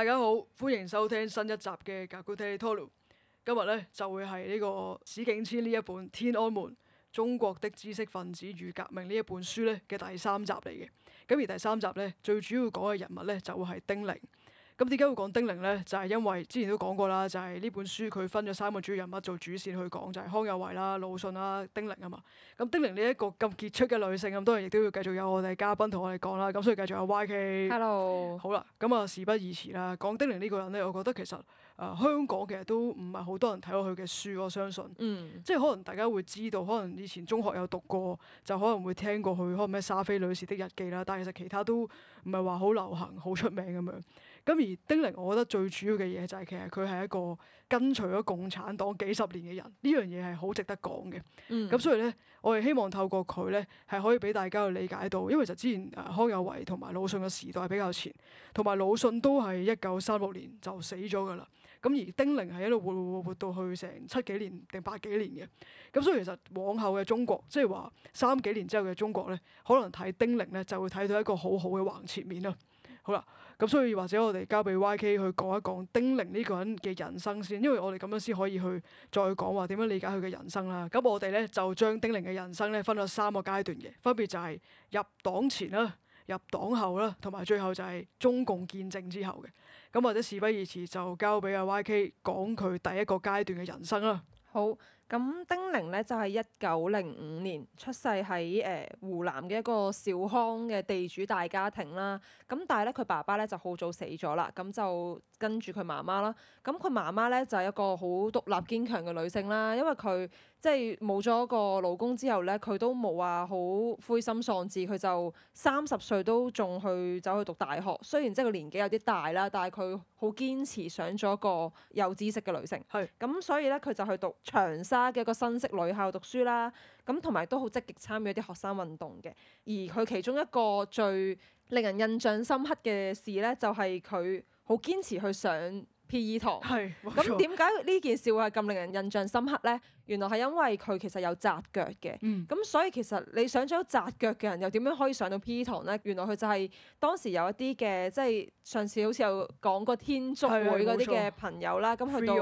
大家好，歡迎收聽新一集嘅《格古特勒》，今日咧就會係呢個史景遷呢一本《天安門：中國的知識分子與革命》呢一本書咧嘅第三集嚟嘅。咁而第三集咧最主要講嘅人物咧就會係丁玲。咁點解會講丁玲咧？就係、是、因為之前都講過啦，就係、是、呢本書佢分咗三個主要人物做主線去講，就係、是、康有為啦、魯迅啦、丁玲啊嘛。咁丁玲呢一個咁傑出嘅女性，咁當然亦都要繼續有我哋嘅嘉賓同我哋講啦。咁所以繼續有 YK。Hello 好。好啦，咁啊事不宜遲啦，講丁玲呢個人咧，我覺得其實誒、呃、香港其實都唔係好多人睇過佢嘅書，我相信。Mm. 即係可能大家會知道，可能以前中學有讀過，就可能會聽過佢，可能咩莎菲女士的日記啦，但係其實其他都唔係話好流行、好出名咁樣。咁而丁玲，我覺得最主要嘅嘢就係其實佢係一個跟隨咗共產黨幾十年嘅人，呢樣嘢係好值得講嘅。咁、mm. 所以咧，我哋希望透過佢咧，係可以俾大家去理解到，因為其實之前康有為同埋魯迅嘅時代比較前，同埋魯迅都係一九三六年就死咗噶啦。咁而丁玲係一路活到活到活到去成七幾年定八幾年嘅。咁所以其實往後嘅中國，即係話三幾年之後嘅中國咧，可能睇丁玲咧就會睇到一個好好嘅橫切面啦。好啦，咁所以或者我哋交俾 YK 去講一講丁玲呢個人嘅人生先，因為我哋咁樣先可以去再去講話點樣理解佢嘅人生啦。咁我哋咧就將丁玲嘅人生咧分咗三個階段嘅，分別就係入黨前啦、入黨後啦，同埋最後就係中共建政之後嘅。咁或者事不宜遲，就交俾阿 YK 講佢第一個階段嘅人生啦。好。咁丁玲咧就係一九零五年出世喺誒湖南嘅一個小康嘅地主大家庭啦。咁、啊、但係咧佢爸爸咧就好早死咗啦，咁、啊、就跟住佢媽媽啦。咁佢媽媽咧就係、是、一個好獨立堅強嘅女性啦、啊，因為佢。即係冇咗個老公之後咧，佢都冇話好灰心喪志，佢就三十歲都仲去走去讀大學。雖然即係個年紀有啲大啦，但係佢好堅持想做一個有知識嘅女性。咁是所以咧，佢就去讀長沙嘅一個新式女校讀書啦。咁同埋都好積極參與啲學生運動嘅。而佢其中一個最令人印象深刻嘅事咧，就係佢好堅持去上 P.E. 堂，係，咁點解呢件事會係咁令人印象深刻咧？原來係因為佢其實有紮腳嘅，咁、嗯、所以其實你想像紮腳嘅人又點樣可以上到 P.E. 堂咧？原來佢就係當時有一啲嘅，即係上次好似有講過天足會嗰啲嘅朋友啦，咁去到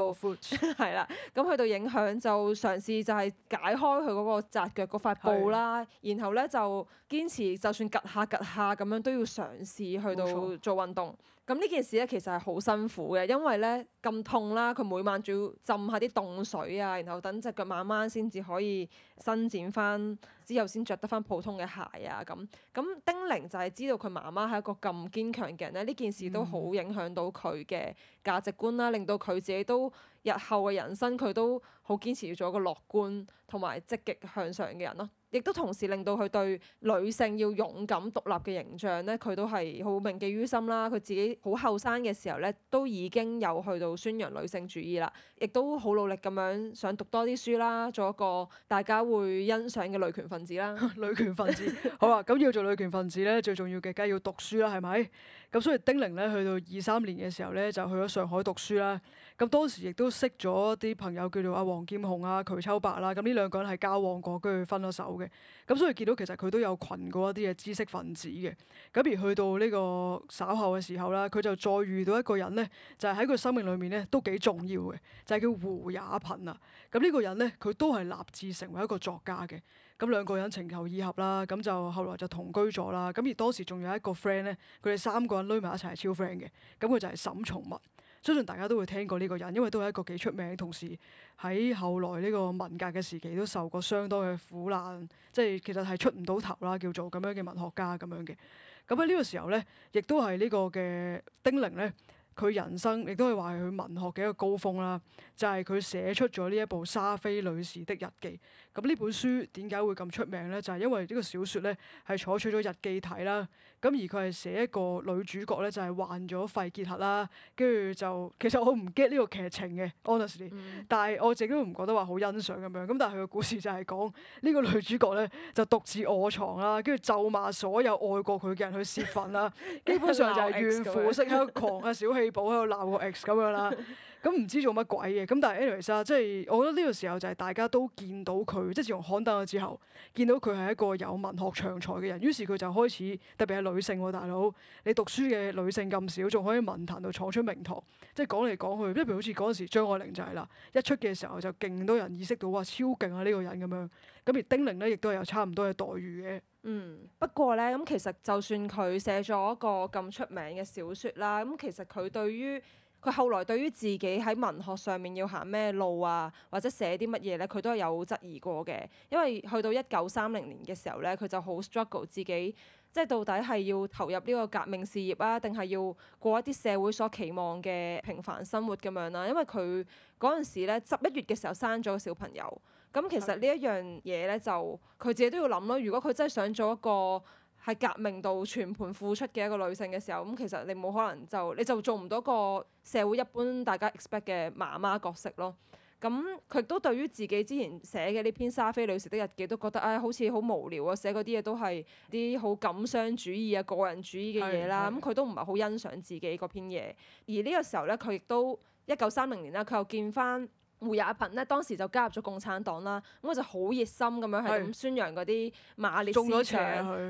係啦，咁 your 去到影響就嘗試就係解開佢嗰個紮腳嗰塊布啦的，然後咧就堅持就算趷下趷下咁樣都要嘗試去到做運動。咁呢件事咧其實係好辛苦嘅，因為咧咁痛啦，佢每晚仲要浸下啲凍水啊，然後等隻腳慢慢先至可以伸展返。之後先著得翻普通嘅鞋啊，咁咁，丁玲就係知道佢媽媽係一個咁堅強嘅人咧，呢件事都好影響到佢嘅價值觀啦，嗯、令到佢自己都日後嘅人生佢都好堅持要做一個樂觀同埋積極向上嘅人咯。亦都同時令到佢對女性要勇敢獨立嘅形象咧，佢都係好銘記於心啦。佢自己好後生嘅時候咧，都已經有去到宣揚女性主義啦，亦都好努力咁樣想讀多啲書啦，做一個大家會欣賞嘅女權份分子啦，女權分子。 好啊，咁要做女權分子咧，最重要嘅梗係要讀書啦，係咪？咁所以丁玲咧，去到二三年嘅時候咧，就去咗上海讀書啦。咁當時亦都識咗啲朋友，叫做阿王劍虹啊、瞿秋白啦。咁呢兩個人係交往過，跟住分咗手嘅。咁所以見到其實佢都有群過一啲嘅知識分子嘅。咁而去到呢個稍後嘅時候啦，佢就再遇到一個人咧，就係喺佢生命裏面咧都幾重要嘅，就係叫胡也頻啊。咁呢個人咧，佢都係立志成為一個作家嘅。咁兩個人情投意合啦，咁就後來就同居咗啦。咁而當時仲有一個 friend 咧，佢哋三個人攆埋一齊係超 friend 嘅。咁佢就係沈從文，相信大家都會聽過呢個人，因為都係一個幾出名，同時喺後來呢個文革嘅時期都受過相當嘅苦難，即係其實係出唔到頭啦，叫做咁樣嘅文學家咁樣嘅。咁喺呢個時候咧，亦都係呢個嘅丁玲咧。佢人生亦都係話係佢文學嘅一個高峰啦，就係佢寫出咗呢一部《莎菲女士的日記》，咁呢本書點解會咁出名咧？就係、是、因為呢個小說咧係採取咗日記體啦。咁而佢係寫一個女主角咧，就係、是、患咗肺結核啦，跟住就其實我唔 get 呢個劇情嘅，honestly。嗯、但係我自己都唔覺得話好欣賞咁樣，咁但係佢嘅故事就係講呢個女主角咧就獨自臥床啦，跟住咒罵所有愛過佢嘅人去泄憤啦。 基本上就係怨婦式啦，狂啊小氣。 保喺度鬧個 ex 咁樣啦～ 咁唔知做乜鬼嘅，咁但係 a l i s a 即係我覺得呢個時候就係大家都見到佢，即係自從刊登咗之後，見到佢係一個有文學長才嘅人。於是佢就開始，特別係女性喎大佬，你讀書嘅女性咁少，仲可以文壇度闖出名堂，即係講嚟講去，即譬如好似嗰陣時張愛玲就係啦，一出嘅時候就勁多人意識到哇超勁啊呢個人咁樣。咁而丁玲咧，亦都有差唔多嘅待遇嘅。嗯，不過咧，咁其實就算佢寫咗一個咁出名嘅小説啦，咁其實佢對於佢後來對於自己喺文學上面要行咩路啊，或者寫啲乜嘢咧，佢都係有質疑過嘅。因為去到一九三零年嘅時候咧，佢就好 struggle 自己，即係到底係要投入呢個革命事業啊，定係要過一啲社會所期望嘅平凡生活咁樣啦。因為佢嗰陣時咧，十一月嘅時候生咗個小朋友。咁其實呢一樣嘢咧，就佢自己都要諗咯。如果佢真係想做一個係革命到全盤付出嘅一個女性嘅時候，咁、嗯、其實你冇可能就你就做唔到個社會一般大家 expect 嘅媽媽角色咯。咁佢都對於自己之前寫嘅呢篇莎菲女士的日記都覺得，唉、哎，好似好無聊啊！寫嗰啲嘢都係啲好感傷主義啊、個人主義嘅嘢啦。咁佢都唔係好欣賞自己嗰篇嘢。而呢個時候咧，佢亦都一九三零年啦，佢又見翻。胡也頻咧當時就加入咗共產黨啦，咁佢就好熱心咁樣係咁是宣揚嗰啲馬列思想，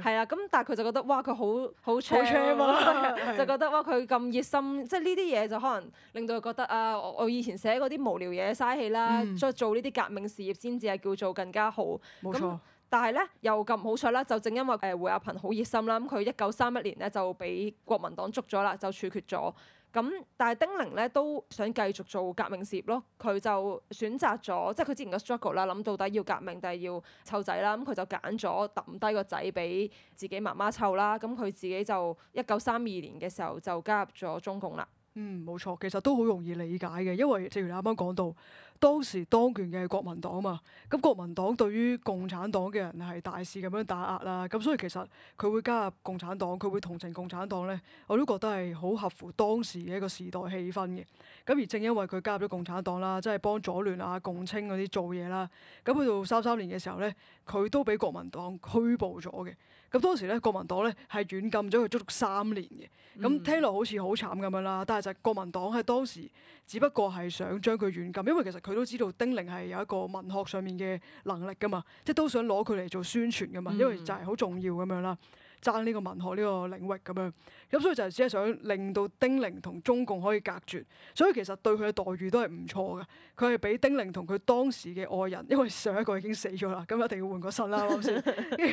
係啦，咁但係佢就覺得哇佢好好搶，就覺得哇佢咁熱心，即係呢啲嘢就可能令到佢覺得啊，我以前寫嗰啲無聊嘢嘥氣啦，再、嗯、做呢啲革命事業先至係叫做更加好。冇錯但係咧又咁好彩啦，就正因為胡也頻好熱心啦，咁佢一九三一年咧就俾國民黨捉咗啦，就處決咗。咁但係丁玲咧都想繼續做革命事業咯，佢就選擇咗即係佢之前嘅 struggle 啦，諗到底要革命定係要湊仔啦，咁佢就揀咗揼低個仔俾自己媽媽湊啦，咁佢自己就一九三二年嘅時候就加入咗中共啦。嗯，冇錯，其實都好容易理解嘅，因為正如你啱啱講到，當時當權嘅係國民黨嘛，咁國民黨對於共產黨嘅人係大肆咁樣打壓啦，咁所以其實佢會加入共產黨，佢會同情共產黨咧，我都覺得係好合乎當時嘅一個時代氣氛嘅。咁而正因為佢加入咗共產黨啦，即係幫左聯啊、共青嗰啲做嘢啦，咁去到三三年嘅時候咧，佢都俾國民黨拘捕咗嘅。咁當時咧，國民黨咧係軟禁咗佢足足三年嘅。咁聽落好似好慘咁樣啦，但係就係國民黨喺當時，只不過係想將佢軟禁，因為其實佢都知道丁玲係有一個文學上面嘅能力噶嘛，即係都想攞佢嚟做宣傳噶嘛，因為就係好重要咁樣啦。爭呢個文學呢、這個領域咁樣，咁、嗯、所以就係只係想令到丁玲同中共可以隔絕，所以其實對佢嘅待遇都係唔錯嘅。佢係俾丁玲同佢當時嘅愛人，因為上一個已經死咗啦，咁一定要換個新啦，係咪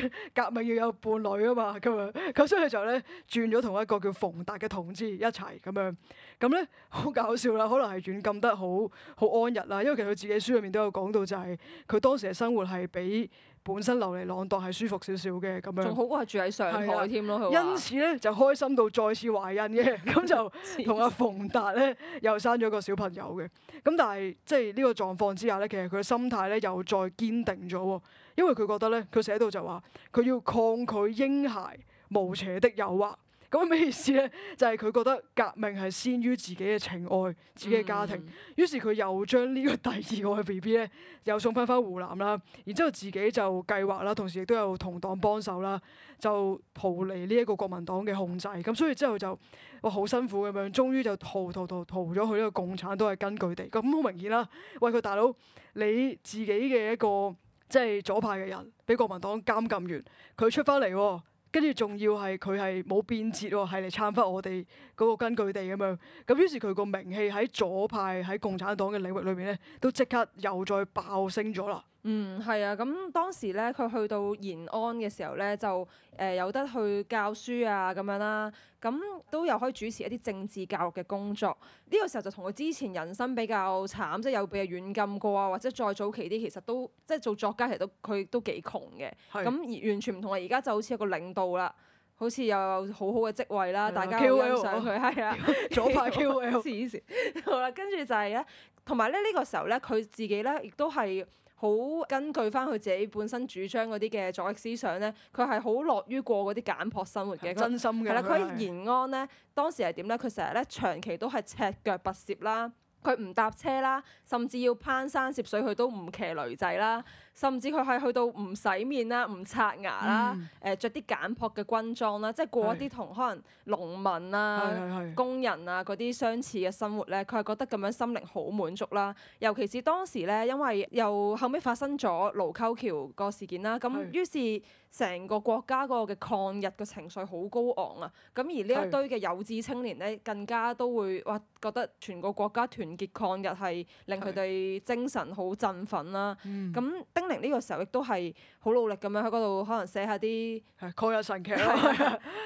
先？革命要有伴侶啊嘛，咁樣，咁所以就咧轉咗同一個叫馮達嘅同志一齊咁樣，咁咧好搞笑啦，可能係軟禁得好好安逸啦，因為其實佢自己書裏面都有講到、就是，就係佢當時嘅生活係比。本身流離浪蕩係舒服少少嘅咁樣，仲好過係住喺上海添咯。因此咧就開心到再次懷孕嘅，咁 就同阿馮達咧又生咗個小朋友嘅。咁但係即係呢個狀況之下咧，其實佢嘅心態咧又再堅定咗，因為佢覺得咧佢寫到就話佢要抗拒嬰孩無邪的誘惑。咁咩意思咧？就係、是、佢覺得革命係先於自己嘅情愛、自己嘅家庭，於、mm hmm. 是佢又將呢個第二個 B B 咧，又送翻翻湖南啦。然之後自己就計劃啦，同時亦都有同黨幫手啦，就逃離呢一個國民黨嘅控制。咁所以之後就哇好辛苦咁樣，終於就逃逃逃逃咗去呢個共產黨嘅根據地。咁好明顯啦，喂佢大佬，你自己嘅一個即係左派嘅人，俾國民黨監禁完，佢出翻嚟、哦。跟住仲要係佢係冇變節喎，係嚟撐翻我哋嗰個根據地咁樣。咁於是佢個名氣喺左派、喺共產黨嘅領域裏面咧，都即刻又再爆升咗啦。嗯，係啊，咁、mmm, 當時咧，佢去到延安嘅時候咧，就誒有、呃、得去教書啊，咁樣啦，咁都有可以主持一啲政治教育嘅工作。呢、呢個時候就同佢之前人生比較慘，即係有被軟禁過啊，或者再早期啲，其實都即係做作家，其實都佢都幾窮嘅。係、啊。咁、嗯、完全唔同啊。而家就好似一個領導啦，好似又有好好嘅職位啦，大家欣賞佢，係啊，左派 QL。People, 好啦，跟住就係咧，同埋咧呢個時候咧，佢自己咧亦都係。好根據翻佢自己本身主張嗰啲嘅左翼思想咧，佢係好樂於過嗰啲簡樸生活嘅。真心嘅。係啦，佢喺延安咧，嘅。當時係點咧？佢成日咧長期都係赤腳跋涉啦，佢唔搭車啦，甚至要攀山涉水，佢都唔騎驢仔啦。甚至佢係去到唔洗面啦，唔刷牙啦，誒着啲簡樸嘅軍裝啦，即係過一啲同可能農民啊、工人啊嗰啲相似嘅生活咧，佢係覺得咁樣心靈好滿足啦。尤其是當時咧，因為又後尾發生咗盧溝橋個事件啦，咁於是成個國家嗰個嘅抗日嘅情緒好高昂啊。咁而呢一堆嘅有志青年咧，更加都會哇覺得全個國家團結抗日係令佢哋精神好振奮啦。咁，呢個時候亦都係好努力咁樣喺嗰度，可能寫下啲抗日神劇咯，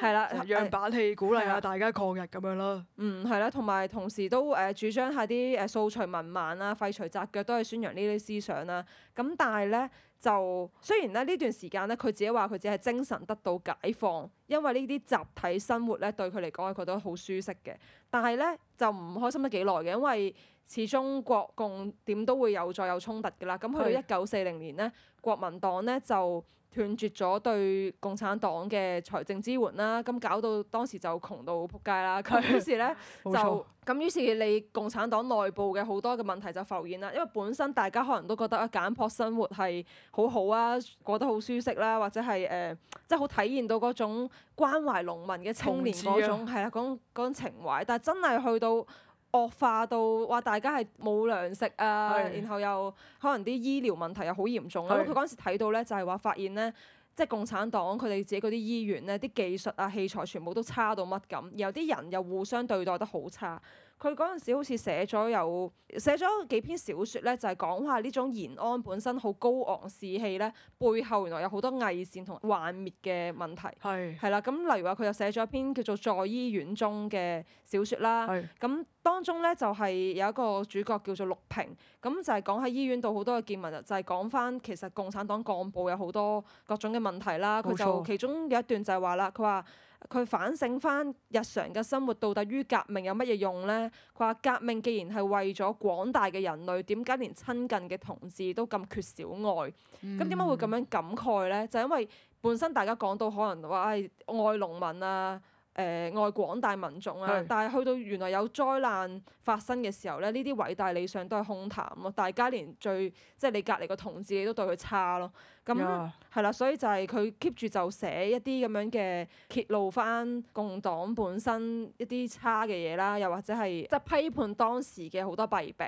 係啦，樣板戲鼓勵下大家抗日咁樣咯。 嗯，係啦，同埋同時都誒主張下啲誒掃除文盲啊、廢除紮腳，都係宣揚呢啲思想啦。咁但係咧。就雖然咧呢段時間咧，佢自己話佢只係精神得到解放，因為呢啲集體生活咧對佢嚟講係覺得好舒適嘅。但係咧就唔開心得幾耐嘅，因為始終國共點都會有再有衝突嘅啦。咁去到一九四零年咧，國民黨咧就斷絕咗對共產黨嘅財政支援啦，咁搞到當時就窮到撲街啦。咁於是咧 就，咁沒錯 於是你共產黨內部嘅好多嘅問題就浮現啦。因為本身大家可能都覺得簡樸生活係好好啊，過得好舒適啦，或者係誒，即係好體現到嗰種關懷農民嘅青年嗰種係志啊，嗰種嗰種情懷。但係真係去到惡化到話大家係冇糧食啊，是的 然後又可能啲醫療問題又好嚴重啦、啊。佢嗰陣時睇到咧，就係、是、話發現咧，即、就、係、是、共產黨佢哋自己嗰啲醫院咧，啲技術啊器材全部都差到乜咁，然後啲人又互相對待得好差。佢嗰陣時好似寫咗有寫咗幾篇小説咧，就係講話呢種延安本身好高昂士氣咧，背後原來有好多偽善同幻滅嘅問題。係係啦，咁例如話佢又寫咗一篇叫做《在醫院中》嘅小説啦。咁當中咧就係，係，有一個主角叫做陸平，咁就係講喺醫院度好多嘅見聞，就係講翻其實共產黨幹部有好多各種嘅問題啦。佢就其中有一段就係話啦，佢話。佢反省翻日常嘅生活到底於革命有乜嘢用咧？佢話革命既然係為咗廣大嘅人類，點解連親近嘅同志都咁缺少愛？咁點解會咁樣感慨咧？就因為本身大家講到可能話唉，愛農民啊。誒、呃、愛廣大民眾啊，是但係去到原來有災難發生嘅時候咧，呢啲偉大理想都係空談咯。大家連最即係你隔離個同志你都對佢差咯。咁係啦，所以就係佢 keep 住就寫一啲咁樣嘅揭露翻共黨本身一啲差嘅嘢啦，又或者係即係批判當時嘅好多弊病。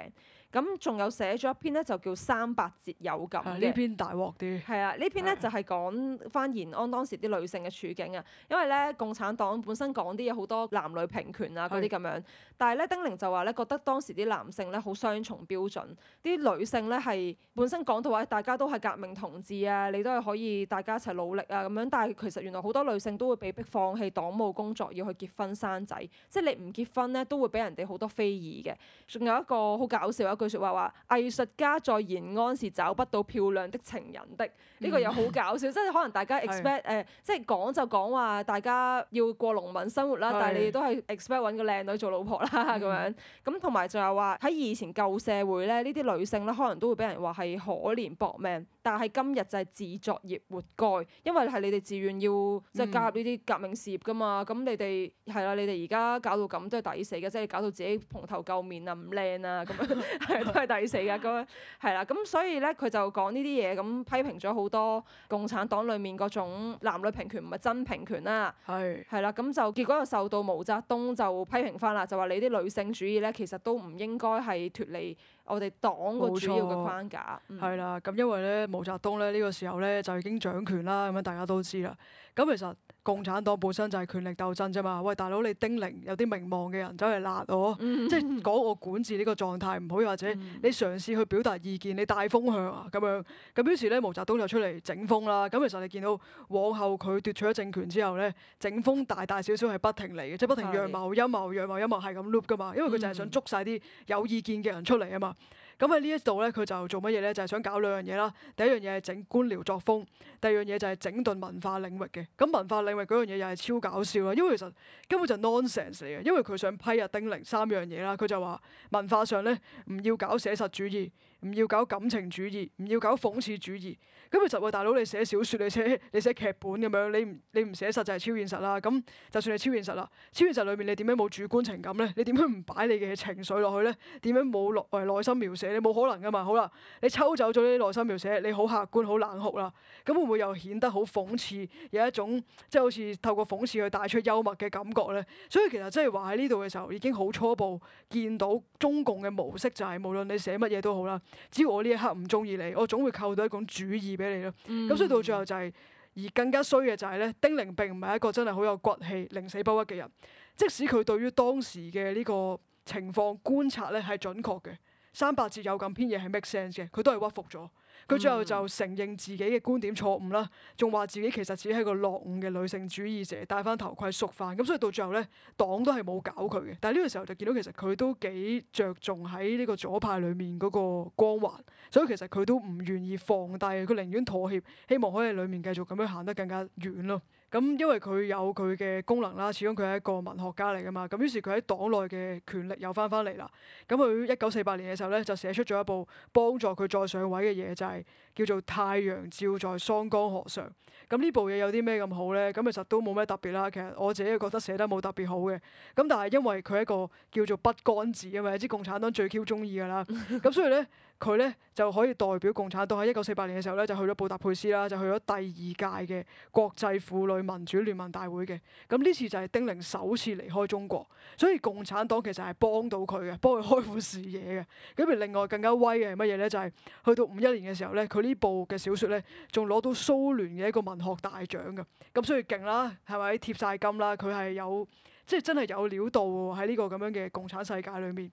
咁仲有寫咗一篇咧，就叫《三八節有感》。呢篇大鑊啲。係啊，呢篇咧就係講翻延安當時啲女性嘅處境啊。因為咧，共產黨本身講啲嘢好多男女平權啊，嗰啲咁樣。但係咧，丁玲就話咧，覺得當時啲男性咧好雙重標準，啲女性咧係本身講到話、哎，大家都係革命同志啊，你都係可以大家一齊努力啊咁樣。但係其實原來好多女性都會被逼放棄黨務工作，要去結婚生仔。即係你唔結婚咧，都會俾人哋好多非議嘅。仲有一個好搞笑一個。句話說話話，藝術家在延安是找不到漂亮的情人的。呢、這個又好搞笑。即係可能大家 expect 誒是、呃，即係講就講話大家要過農民生活啦，是但係你哋都係 expect 搵個靚女做老婆啦咁樣。咁同埋就係話喺以前舊社會咧，呢啲女性咧可能都會俾人話係可憐薄命，但係今日就係自作孽活該，因為係你哋自願要即係加入呢啲革命事業噶嘛。咁、嗯、你哋係啦，你哋而家搞到咁都係抵死嘅，即係搞到自己蓬頭垢面啊，唔靚啊咁樣。 都係第四嘅咁樣，係 啦，咁所以咧佢就講呢啲嘢咁批評咗好多共產黨裏面嗰種男女平權唔係真平權啦，係係啦，咁就結果就受到毛澤東就批評翻啦，就話你啲女性主義咧其實都唔應該係脫離我哋黨個主要嘅框架，係啦錯，咁、嗯、因為咧毛澤東咧呢、呢個時候咧就已經掌權啦，咁樣大家都知啦，咁其實。共產黨本身就係權力鬥爭啫嘛，喂，大佬你丁玲有啲名望嘅人走嚟鬧我， 即係講我管治呢個狀態唔好，或者你嘗試去表達意見，你帶風向啊咁樣，咁於是咧毛澤東就出嚟整風啦。咁其實你見到往後佢奪取咗政權之後咧，整風大大小小係不停嚟嘅，即係不停陽謀陰謀陽謀陰謀係咁 loop 噶嘛，因為佢就係想捉晒啲有意見嘅人出嚟啊嘛。咁喺呢一度咧，佢就做乜嘢咧？就係想搞兩樣嘢啦。第一樣嘢係整官僚作風，第二樣嘢就係整頓文化領域嘅。咁文化領域嗰樣嘢又係超搞笑啦，因為其實根本就 nonsense 嚟嘅。因為佢想批吓丁玲三樣嘢啦，佢就話文化上咧唔要搞寫實主義。唔要搞感情主義，唔要搞諷刺主義。咁咪就話大佬，你寫小説，你寫你寫劇本咁樣，你唔你唔寫實就係超現實啦。咁就算你超現實啦，超現實裏面你點樣冇主觀情感咧？你點樣唔擺你嘅情緒落去咧？點樣冇內內心描寫？你冇可能噶嘛。好啦，你抽走咗呢啲內心描寫，你好客觀，好冷酷啦。咁會唔會又顯得好諷刺？有一種即係、就是、好似透過諷刺去帶出幽默嘅感覺咧。所以其實即係話喺呢度嘅時候已經好初步見到中共嘅模式、就是，就係無論你寫乜嘢都好啦。只要我呢一刻唔中意你，我總會扣到一種主意俾你咯。咁、嗯、所以到最後就係、是，而更加衰嘅就係咧，丁玲並唔係一個真係好有骨氣、寧死不屈嘅人。即使佢對於當時嘅呢個情況觀察咧係準確嘅，三八節有咁篇嘢係 make sense 嘅，佢都係屈服咗。佢最後就承認自己嘅觀點錯誤啦，仲話自己其實只係個落伍嘅女性主義者，戴翻頭盔縮返。咁所以到最後咧，黨都係冇搞佢嘅。但係呢個時候就見到其實佢都幾着重喺呢個左派裡面嗰個光環，所以其實佢都唔願意放低，佢寧願妥協，希望可以裡面繼續咁樣行得更加遠咯。咁因為佢有佢嘅功能啦，始終佢係一個文學家嚟㗎嘛，咁於是佢喺黨內嘅權力又翻返嚟啦。咁佢一九四八年嘅時候咧，就寫出咗一部幫助佢再上位嘅嘢，就係、是。叫做太陽照在桑江河上，咁呢部嘢有啲咩咁好咧？咁其實都冇咩特別啦。其實我自己覺得寫得冇特別好嘅，咁但係因為佢一個叫做不幹子啊嘛，知、就是、共產黨最 Q 中意噶啦，咁 所以咧佢咧就可以代表共產黨喺一九四八年嘅時候咧就去咗布達佩斯啦，就去咗第二屆嘅國際婦女民主聯盟大會嘅。咁呢次就係丁玲首次離開中國，所以共產黨其實係幫到佢嘅，幫佢開闊視野嘅。咁而另外更加威嘅係乜嘢咧？就係、是、去到五一年嘅時候咧，佢。部呢部嘅小說咧，仲攞到蘇聯嘅一個文學大獎㗎，咁所以勁啦，係咪貼晒金啦？佢係有即係真係有料到喺，哦，呢個咁樣嘅共產世界裏面。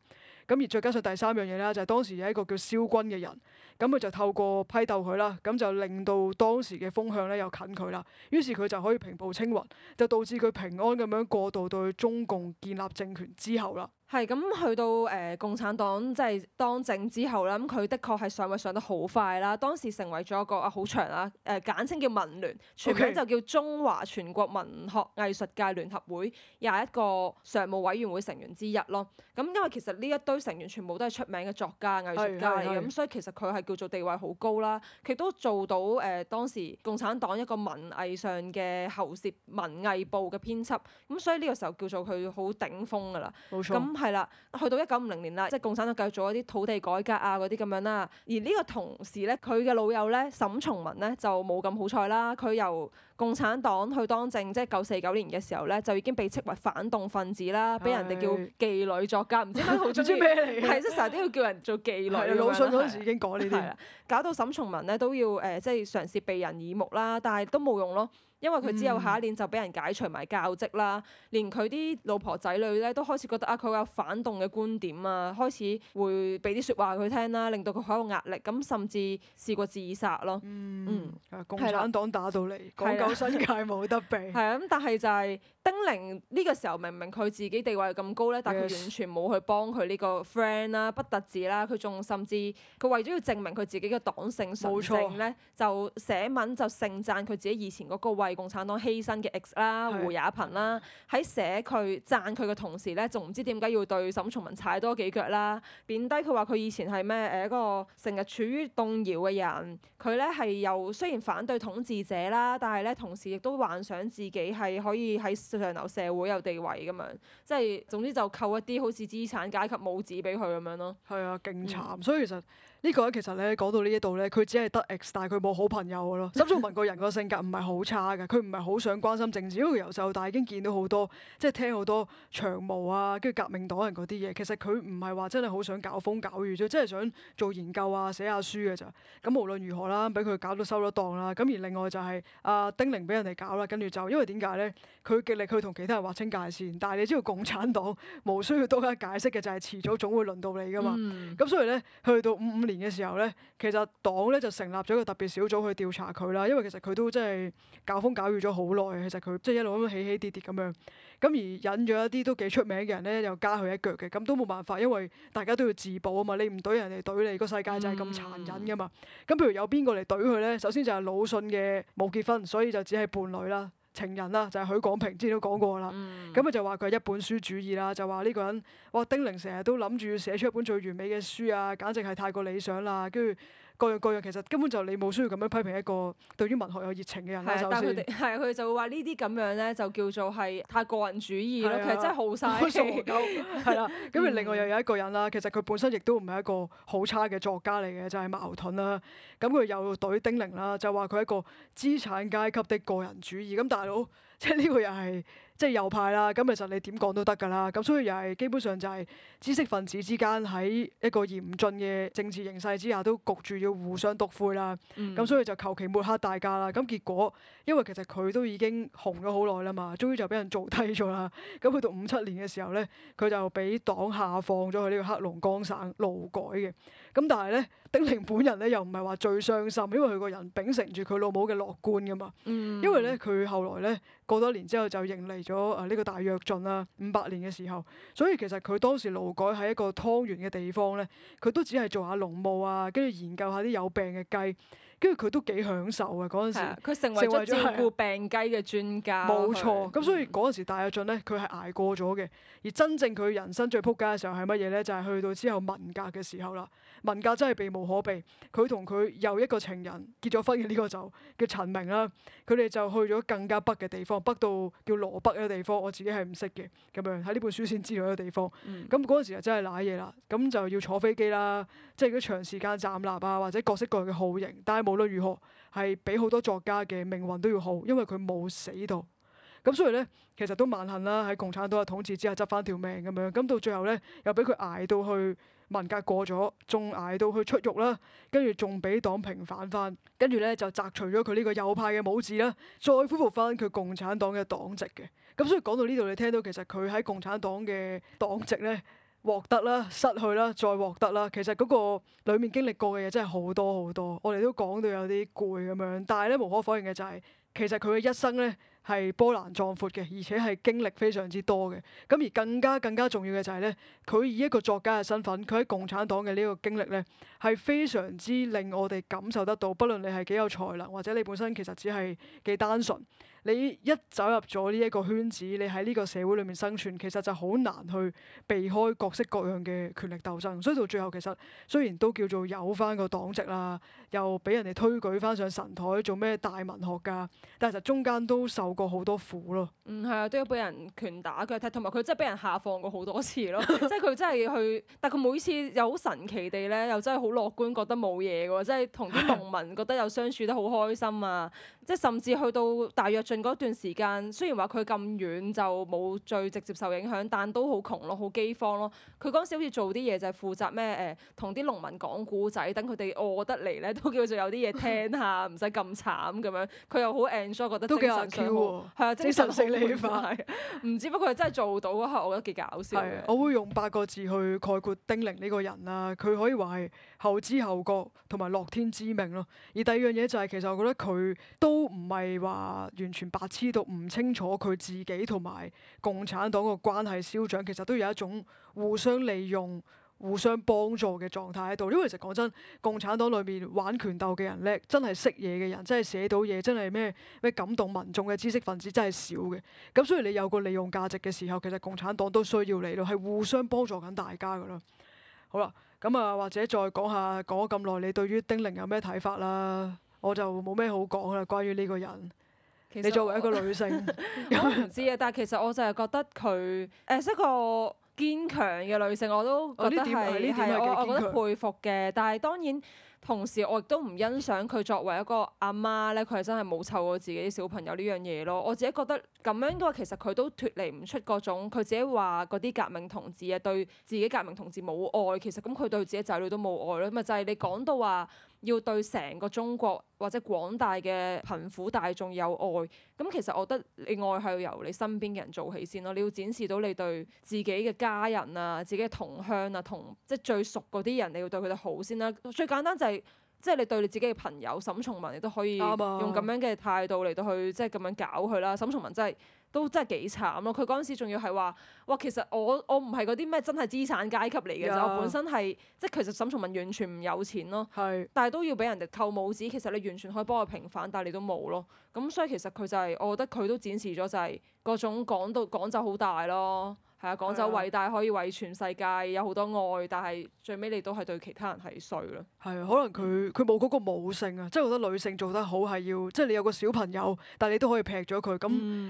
咁而再加上第三樣嘢啦，就係、是，當時有一個叫蕭軍嘅人，咁佢就透過批鬥佢啦，咁就令到當時嘅風向咧又近佢啦，於是佢就可以平步青雲，就導致佢平安咁樣過渡到去中共建立政權之後啦。係咁、嗯，去到誒、呃、共產黨即係當政之後啦，咁、嗯、佢的確係上位上得好快啦。當時成為咗一個好、啊、長啦，誒、呃、簡稱叫文聯，全名就叫中華全國文學藝術界聯合會廿一個常務委員會成員之一咯。咁、嗯、因為其實呢一堆成員全部都係出名嘅作家、藝術家嘅，咁、嗯、所以其實佢係叫做地位好高啦。佢都做到誒、呃、當時共產黨一個文藝上嘅喉舌，文藝部嘅編輯。咁、嗯、所以呢個時候叫做佢好頂峰㗎啦。咁沒錯、嗯。係啦，去到一九五零年啦，即係共產黨繼續做一啲土地改革啊，嗰啲咁樣啦。而呢個同時咧，佢嘅老友咧，沈從文咧就冇咁好彩啦。佢由共產黨去當政，即係九四九年嘅時候咧，就已經被斥為反動分子啦，俾的人哋叫妓女作家，唔知好做咩嚟。嘅， 係即係成日都要叫人做妓女。魯迅嗰陣時已經講呢啲，搞到沈從文咧都要誒、呃，即係嘗試避人耳目啦，但係都冇用咯。因為佢之後下一年就俾人解除埋教職啦，連佢啲老婆仔女咧都開始覺得啊，佢有反動嘅觀點啊，開始會俾啲説話佢聽啦，令到佢好有壓力，咁甚至試過自殺咯。嗯，共產、嗯、黨打到嚟，講舊新界冇得避、嗯。係啊，咁但係就係、是。丁玲呢個時候明明佢自己地位咁高咧，但係佢完全冇去幫佢呢個 friend 啦、不特止啦，佢仲甚至佢為咗要證明佢自己嘅黨性純正咧，錯就寫文就盛讚佢自己以前嗰個為共產黨犧牲嘅 ex 啦的、胡也頻啦，喺寫佢讚佢嘅同時咧，仲唔知點解要對沈從文踩多幾腳啦，貶低佢話佢以前係咩誒一個成日處於動搖嘅人，佢咧係又雖然反對統治者啦，但係咧同時亦都幻想自己係可以喺。上流社會有地位咁樣，即係總之就扣一啲好似資產階級帽子俾佢咁樣囉。係啊，勁慘，嗯、所以其實。呢個咧其實咧講到呢一度咧，佢只係得 x 但係佢冇好朋友嘅咯。沈從文個人個性格唔係好差嘅，佢唔係好想關心政治，因為佢由細到大已經見到好多，即係聽好多長毛啊，跟住革命黨人嗰啲嘢。其實佢唔係話真係好想搞風搞雨啫，即係想做研究啊，寫下書嘅咋。咁無論如何啦，俾佢搞到收咗檔啦。咁而另外就係、是、啊丁玲俾人哋搞啦，跟住就因為點解咧？佢極力去同其他人劃清界線，但係你知道共產黨無需要多加解釋嘅，就係遲早總會輪到你噶嘛。咁、嗯、所以咧，去到五五。年嘅時候咧，其實黨咧就成立咗一個特別小組去調查佢啦，因為其實佢都真係搞風搞雨咗好耐，其實佢即係一路咁起起跌跌咁樣，咁而引咗一啲都幾出名嘅人咧，又加佢一腳嘅，咁都冇辦法，因為大家都要自保啊嘛，你唔懟人哋懟你，個世界就係咁殘忍噶嘛。咁譬如有邊個嚟懟佢咧？首先就係魯迅嘅冇結婚，所以就只係伴侶啦。情人啦，就係、是、許廣平之前都講過啦。咁佢、嗯、就話佢係一本書主義啦，就話呢個人，哇！丁玲成日都諗住寫出一本最完美嘅書啊，簡直係太過理想啦，跟住。各樣各樣，其實根本就你冇需要咁樣批評一個對於文學有熱情嘅人的先但佢哋係佢就會話呢啲咁樣咧，就叫做係太個人主義咯。的其實真係好嘥。係啦你，咁而、嗯嗯、另外又有一個人啦，其實佢本身亦都唔係一個好差嘅作家嚟嘅，就係、是、矛盾啦。咁佢又懟丁玲啦，就話佢係一個資產階級的個人主義。咁大佬，即係呢個又係。即係右派啦，咁其實你點講都得㗎啦。咁所以又係基本上就係知識分子之間喺一個嚴峻嘅政治形勢之下，都焗住要互相督灰啦。咁、嗯、所以就求其抹黑大家啦。咁結果因為其實佢都已經紅咗好耐啦嘛，終於就俾人做低咗啦。咁去到五七年嘅時候咧，佢就俾黨下放咗去呢個黑龍江省勞改嘅。咁但係咧，丁玲本人咧又唔係話最傷心，因為佢個人秉承住佢老母嘅樂觀㗎嘛。嗯、因為咧佢後來咧過多年之後就迎嚟。咗啊！呢個大約盡啦，五百年嘅時候，所以其實佢當時勞改喺一個湯圓嘅地方咧，佢都只係做下農務啊，跟住研究下啲有病嘅雞，跟住佢都幾享受啊，嗰陣時。佢成為咗照顧病雞嘅專家。冇錯，咁、嗯、所以嗰陣時大躍進咧，佢係捱過咗嘅。而真正佢人生最撲街嘅時候係乜嘢咧？就係、是、去到之後文革嘅時候啦。文革真係避無可避，佢同佢又一個情人結咗婚，而呢個就叫陳明啦。佢哋就去咗更加北嘅地方，北到叫羅北嘅地方，我自己係唔識嘅，咁樣喺呢本書先知道嘅地方。咁嗰陣時就真係攋嘢啦，咁就要坐飛機啦，即係啲長時間站立啊，或者各式各樣嘅酷刑。但係無論如何，係比好多作家嘅命運都要好，因為佢冇死到。咁所以咧，其實都萬幸啦，喺共產黨嘅統治之下執翻條命咁樣。咁到最後咧，又俾佢捱到去。文革過咗，仲捱到佢出獄啦，跟住仲俾黨平反翻，跟住咧就摘除咗佢呢個右派嘅帽子啦，再恢復翻佢共產黨嘅黨籍嘅。咁所以講到呢度，你聽到其實佢喺共產黨嘅黨籍咧獲得啦、失去啦、再獲得啦，其實嗰個裡面經歷過嘅嘢真係好多好多。我哋都講到有啲攰咁樣，但係咧無可否認嘅就係，其實佢嘅一生咧。係波瀾壯闊嘅，而且係經歷非常之多嘅。咁而更加更加重要嘅就係呢，佢以一個作家嘅身份，佢喺共產黨嘅呢個經歷呢，係非常之令我哋感受得到。不論你係幾有才能，或者你本身其實只係幾單純。你一走入咗呢一個圈子，你喺呢個社會裏面生存，其實就好難去避開各式各樣嘅權力鬥爭。所以到最後其實雖然都叫做有翻個黨籍啦，又俾人哋推舉翻上神台做咩大文學家，但係就中間都受過好多苦咯。嗯，係啊，都要俾人拳打腳踢，同埋佢真係俾人下放過好多次咯。即係佢真係去，但係佢每次又好神奇地咧，又真係好樂觀覺得冇嘢喎。即係同啲農民覺得又相處得好開心啊！ 即係甚至去到大約。進嗰段時間，雖然話佢咁遠就冇最直接受影響，但都好窮咯，好饑荒咯。佢嗰時好似做啲嘢就係負責咩誒，同、呃、啲農民講故仔，等佢哋餓得嚟咧，都叫做有啲嘢聽下，唔使咁慘咁樣。佢又好 enjoy，覺得精神上係啊，精神性理化。唔知不，不過真係做到啊，我覺得幾搞笑。我會用八個字去概括丁玲呢個人啦，佢可以話係後知後覺同埋樂天知命咯。而第二樣嘢就係、是、其實我覺得佢都唔係話完全。全白痴到唔清楚佢自己同埋共產黨嘅關係消長，其實都有一種互相利用、互相幫助嘅狀態喺度。因為其實講真，共產黨裏面玩權鬥嘅人叻，真係識嘢嘅人，真係寫到嘢，真係咩咩感動民眾嘅知識分子真係少嘅。咁所以你有個利用價值嘅時候，其實共產黨都需要你咯，係互相幫助緊大家噶咯。好啦，咁啊，或者再講下，講咗咁耐，你對於丁玲有咩睇法啦？我就冇咩好講啦，關於呢個人。你作為一個女性， 我唔知啊。但係其實我就係覺得佢誒一個堅強嘅女性，我都覺得係呢點，我覺得佩服嘅。但係當然同時我亦都唔欣賞佢作為一個阿媽咧，佢係真係冇湊過自己小朋友呢樣嘢咯。我自己覺得。咁樣嘅話，其實佢都脫離唔出嗰種佢自己話嗰啲革命同志啊，對自己革命同志冇愛，其實咁佢對自己仔女都冇愛咯。咁咪就係、是、你講到話要對成個中國或者廣大嘅貧苦大眾有愛，咁其實我覺得你愛係要由你身邊嘅人做起先咯。你要展示到你對自己嘅家人啊、自己嘅同鄉啊、同即係、就是、最熟嗰啲人，你要對佢哋好先啦。最簡單就係、是。即係你對你自己嘅朋友沈從文，你都可以吧用咁樣嘅態度嚟到去即係咁樣搞佢啦。沈從文真係都真係幾慘咯。佢嗰陣時仲要係話：哇，其實我我唔係嗰啲咩真係資產階級嚟嘅就我本身係即係其實沈從文完全唔有錢咯。是但係都要俾人哋扣帽子。其實你完全可以幫佢平反，但係你都冇咯。咁、嗯、所以其實佢就係、是、我覺得佢都展示咗就係、是、各種廣度廣就好大咯，係啊廣就偉大，可以為全世界，有好多愛，但係最尾你都係對其他人係衰啦。係啊，可能佢佢冇嗰個母性啊，即係我覺得女性做得好係要，即係你有個小朋友，但係你都可以劈咗佢，咁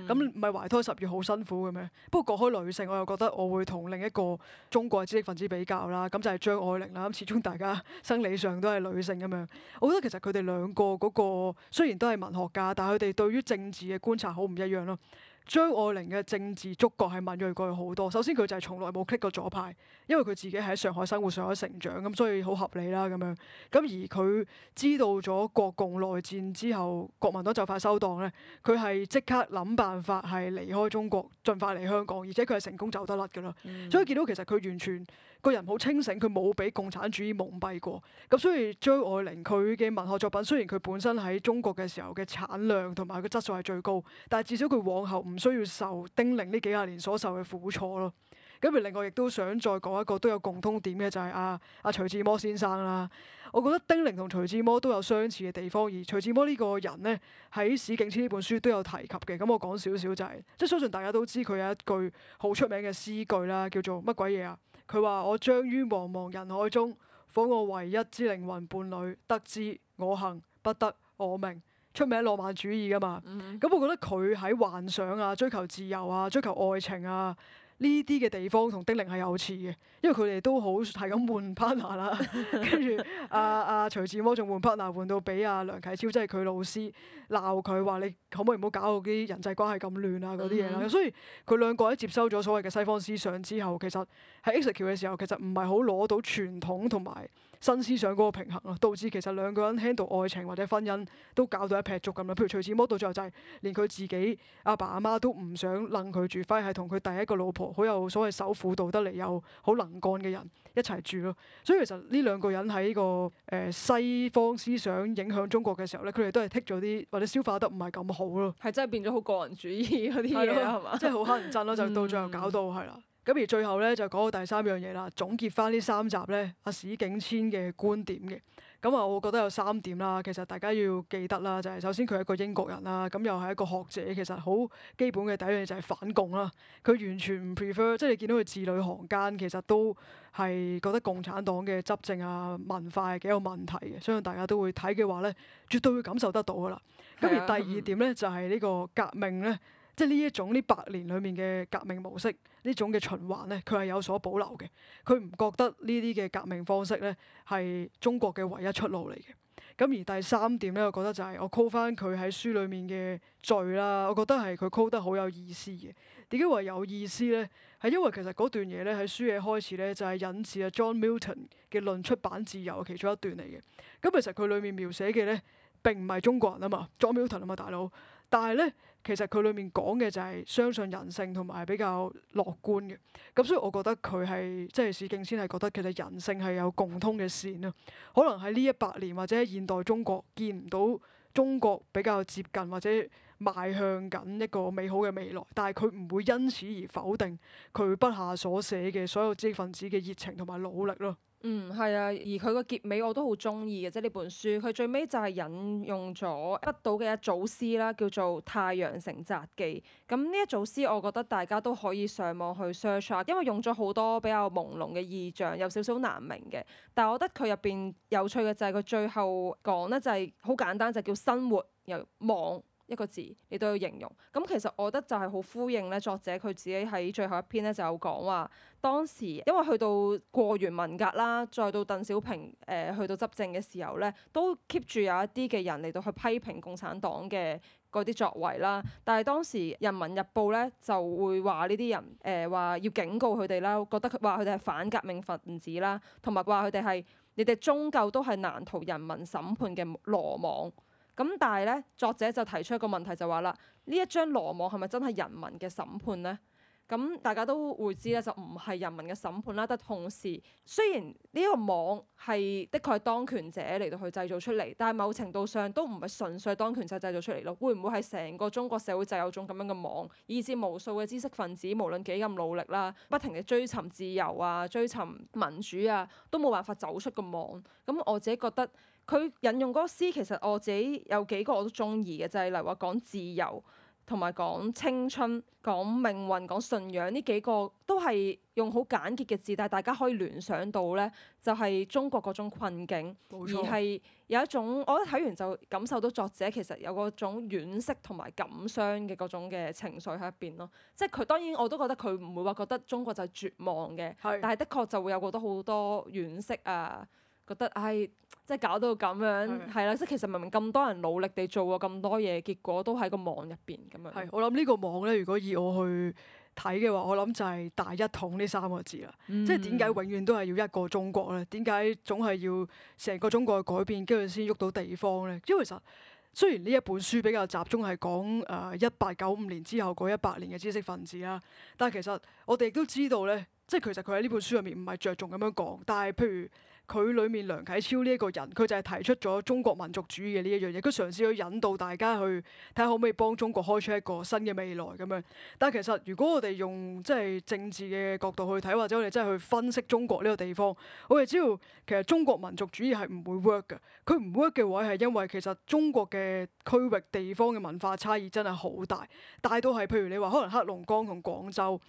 咁唔係懷胎十月好辛苦嘅咩？不過講開女性，我又覺得我會同另一個中國知識分子比較啦，咁就係張愛玲啦。咁始終大家 生理上都係女性咁樣，我覺得其實佢哋兩個嗰、嗰個雖然都係文學家，但係。佢。我哋對於政治嘅觀察好唔一樣咯。張愛玲嘅政治觸覺係敏銳過佢好多。首先佢就係從來冇 click 過左派，因為佢自己喺上海生活、上海成長，咁所以好合理啦咁樣。咁而佢知道咗國共內戰之後，國民黨就快收檔咧，佢係即刻諗辦法係離開中國，盡快嚟香港，而且佢係成功走得甩噶啦。嗯、所以見到其實佢完全。個人好清醒，佢冇俾共產主義蒙蔽過。咁所以張愛玲佢嘅文學作品，雖然佢本身喺中國嘅時候嘅產量同埋個質素係最高，但係至少佢往後唔需要受丁玲呢幾十年所受嘅苦楚咯。咁而另外亦都想再講一個都有共通點嘅就係阿阿徐志摩先生啦。我覺得丁玲同徐志摩都有相似嘅地方，而徐志摩呢個人咧喺《史景遷》呢本書都有提及嘅。咁我講少少就係、是、即係相信大家都知佢有一句好出名嘅詩句啦，叫做乜鬼嘢啊？佢話：我將於茫茫人海中，訪我唯一之靈魂伴侶，得之我幸，不得我命。出名浪漫主義㗎嘛，咁、嗯嗯、我覺得佢喺幻想啊、追求自由啊、追求愛情啊。呢啲嘅地方同丁玲係有似嘅，因為佢哋都好係咁換 partner 啦，跟住阿阿徐志摩仲換 partner，換到俾阿梁啟超即係佢老師鬧佢話你可唔可以唔好搞到啲人際關係咁亂啊，嗰啲嘢啦，mm hmm。所以佢兩個喺接收咗所謂嘅西方思想之後，其實喺 execute 嘅時候，其實唔係好攞到傳統同埋。新思想嗰個平衡咯，導致其實兩個人 handle 愛情或者婚姻都搞到一劈粥咁啦。譬如徐志摩到最後就係連佢自己阿爸阿媽都唔想撚佢住，反而係同佢第一個老婆好有所謂守婦道得嚟又好能幹嘅人一齊住咯。所以其實呢兩個人喺呢、呢個誒、呃、西方思想影響中國嘅時候咧，佢哋都係剔咗啲或者消化得唔係咁好咯。係真係變咗好個人主義嗰啲嘢啊嘛， 了吧即係好乞人憎咯，就到最後搞到係啦。嗯咁而最後咧就講到第三樣嘢啦，總結翻呢三集咧阿、啊、史景遷嘅觀點嘅。咁啊，我覺得有三點啦，其實大家要記得啦，就係、是、首先佢係一個英國人啦，咁又係一個學者，其實好基本嘅第一樣嘢就係反共啦。佢完全唔 prefer，即係你見到佢字裏行間，其實都係覺得共產黨嘅執政啊文化係幾有問題嘅。相信大家都會睇嘅話咧，絕對會感受得到噶啦。咁、啊、而第二點咧、嗯、就係呢個革命咧。即係呢一種呢百年裏面嘅革命模式，呢種嘅循環咧，佢係有所保留嘅。佢唔覺得呢啲嘅革命方式咧係中國嘅唯一出路嚟嘅。咁而第三點咧，我覺得就係我 call 翻佢喺書裏面嘅序啦。我覺得係佢 call 得好有意思嘅。點解話有意思咧？係因為其實嗰段嘢咧喺書嘅開始咧就係引自阿 John Milton 嘅《論出版自由》其中一段嚟嘅。咁其實佢裏面描寫嘅咧。並唔係中國人啊嘛，John Milton 啊嘛，大佬。但係咧，其實佢裏面講嘅就係相信人性同埋比較樂觀嘅。咁所以我覺得佢係即係史景遷先係覺得其實人性係有共通嘅線啊。可能喺呢一百年或者現代中國見唔到中國比較接近或者邁向緊一個美好嘅未來，但係佢唔會因此而否定佢筆下所寫嘅所有知識分子嘅熱情同埋努力咯。嗯，係啊，而佢個結尾我都好中意嘅，即係呢本書，佢最尾就係引用咗北島嘅一組詩啦，叫做《太陽城札記》。咁呢一組詩，我覺得大家都可以上網去 search 下，因為用咗好多比較朦朧嘅意象，有少少難明嘅。但係我覺得佢入邊有趣嘅就係佢最後講咧，就係、是、好簡單，就是、叫生活又網。一個字，你都要形容。咁其實我覺得就係好呼應咧，作者佢自己喺最後一篇咧就有講話，當時因為去到過完文革啦，再到鄧小平誒、呃、去到執政嘅時候咧，都 keep 住有一啲嘅人嚟到去批評共產黨嘅嗰啲作為啦。但係當時《人民日報》咧就會話呢啲人誒話、呃、要警告佢哋啦，覺得佢話佢哋係反革命分子啦，同埋話佢哋係你哋終究都係難逃人民審判嘅羅網。咁但係咧，作者就提出一個問題就話啦：呢一張羅網係咪真係人民嘅審判咧？咁大家都會知咧，就唔係人民嘅審判啦。但同時，雖然呢個網係的確係當權者嚟到去製造出嚟，但係某程度上都唔係純粹當權者製造出嚟咯。會唔會係成個中國社會就有種咁樣嘅網，以至無數嘅知識分子無論幾咁努力啦，不停嘅追尋自由啊、追尋民主啊，都冇辦法走出個網？咁我自己覺得。佢引用嗰個詩，其實我自己有幾個我都中意嘅，就係、是、例如話講自由，同埋講青春、講命運、講信仰呢幾個都係用好簡潔嘅字，但係大家可以聯想到咧，就係中國嗰種困境。錯而係有一種我一睇完就感受到作者其實有種惋惜同埋感傷嘅嗰種嘅情緒喺入邊咯。即係佢當然我都覺得佢唔會話覺得中國就係絕望嘅，是但係的確就會有覺得好多惋惜啊。覺得唉、哎，即係搞到咁樣係啦，即係的其實明明咁多人努力地做咗，咁多嘢，結果都喺個網入邊咁樣。係我諗呢個網咧，如果以我去睇嘅話，我諗就係大一統呢三個字啦。嗯、即係點解永遠都係要一個中國咧？點解總係要成個中國嘅改變，跟住先喐到地方咧？因為其實雖然呢一本書比較集中係講誒一八九五年之後嗰一百年嘅知識分子啦，但係其實我哋都知道咧，即係其實佢喺呢本書入面唔係着重咁樣講，但係譬如。佢裡面梁啟超呢一個人，佢就係提出咗中國民族主義嘅呢一樣嘢，佢嘗試去引導大家去睇下可唔可以幫中國開出一個新嘅未來咁樣。但係其實如果我哋用即係政治嘅角度去睇，或者我哋真係去分析中國呢個地方，我哋知道其實中國民族主義係唔會 work 嘅。佢唔 work 嘅話係因為其實中國嘅區域地方嘅文化差異真係好大，大到係譬如你話可能黑龍江同廣州，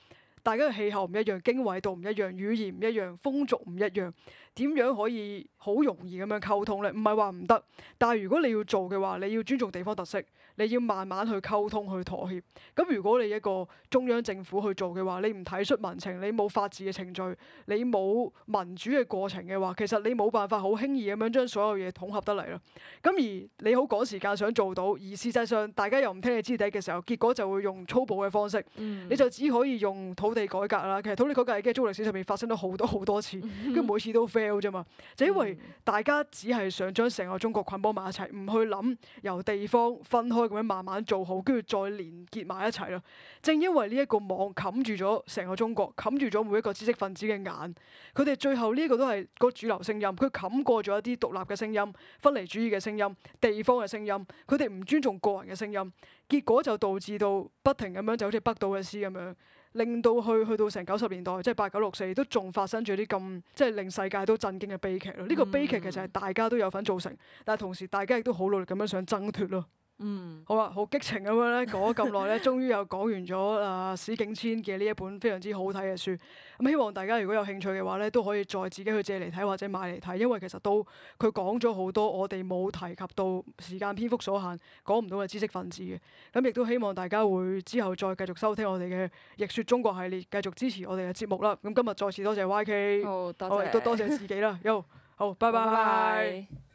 大家嘅氣候唔一樣，經緯度唔一樣，語言唔一樣，風俗唔一樣。點樣可以好容易咁樣溝通呢？唔係話唔得，但係如果你要做嘅話，你要尊重地方特色，你要慢慢去溝通去妥協。咁如果你一個中央政府去做嘅話，你唔體恤民情，你冇法治嘅程序，你冇民主嘅過程嘅話，其實你冇辦法好輕易咁樣將所有嘢統合得嚟啦。咁而你好趕時間想做到，而事實上大家又唔聽你知底嘅時候，結果就會用粗暴嘅方式。嗯、你就只可以用土地改革啦。其實土地改革喺基歷史上面發生咗好多好多次，跟住每次都啫嘛，就一因為大家只係想將成個中國捆綁埋一齊，唔去諗由地方分開咁樣慢慢做好，跟住再連結埋一齊咯。正因為呢一個網冚住咗成個中國，冚住咗每一個知識分子嘅眼，佢哋最後呢一個都係個主流聲音，佢冚過咗一啲獨立嘅聲音、分離主義嘅聲音、地方嘅聲音，佢哋唔尊重個人嘅聲音，結果就導致到不停咁樣就好似北島嘅詩咁樣。令到去去到成九十年代，即係八九六四都仲發生住啲咁，即係令世界都震驚嘅悲劇咯。呢、這個悲劇其實係大家都有份造成，嗯、但係同時大家亦都好努力咁樣想掙脫咯。Mm. 好啦，啊，好激情咁樣咧，講咗咁耐咧，終於又講完咗啊史景遷嘅呢一本非常之好睇嘅書。咁，嗯、希望大家如果有興趣嘅話咧，都可以再自己去借嚟睇或者買嚟睇，因為其實都佢講咗好多我哋冇提及到，時間篇幅所限講唔到嘅知識分子嘅。咁，嗯、亦都希望大家會之後再繼續收聽我哋嘅《逆說中國》系列，繼續支持我哋嘅節目啦。咁，嗯、今日再次多謝 YK，多，多謝自己啦。好， 好，拜拜。Bye bye.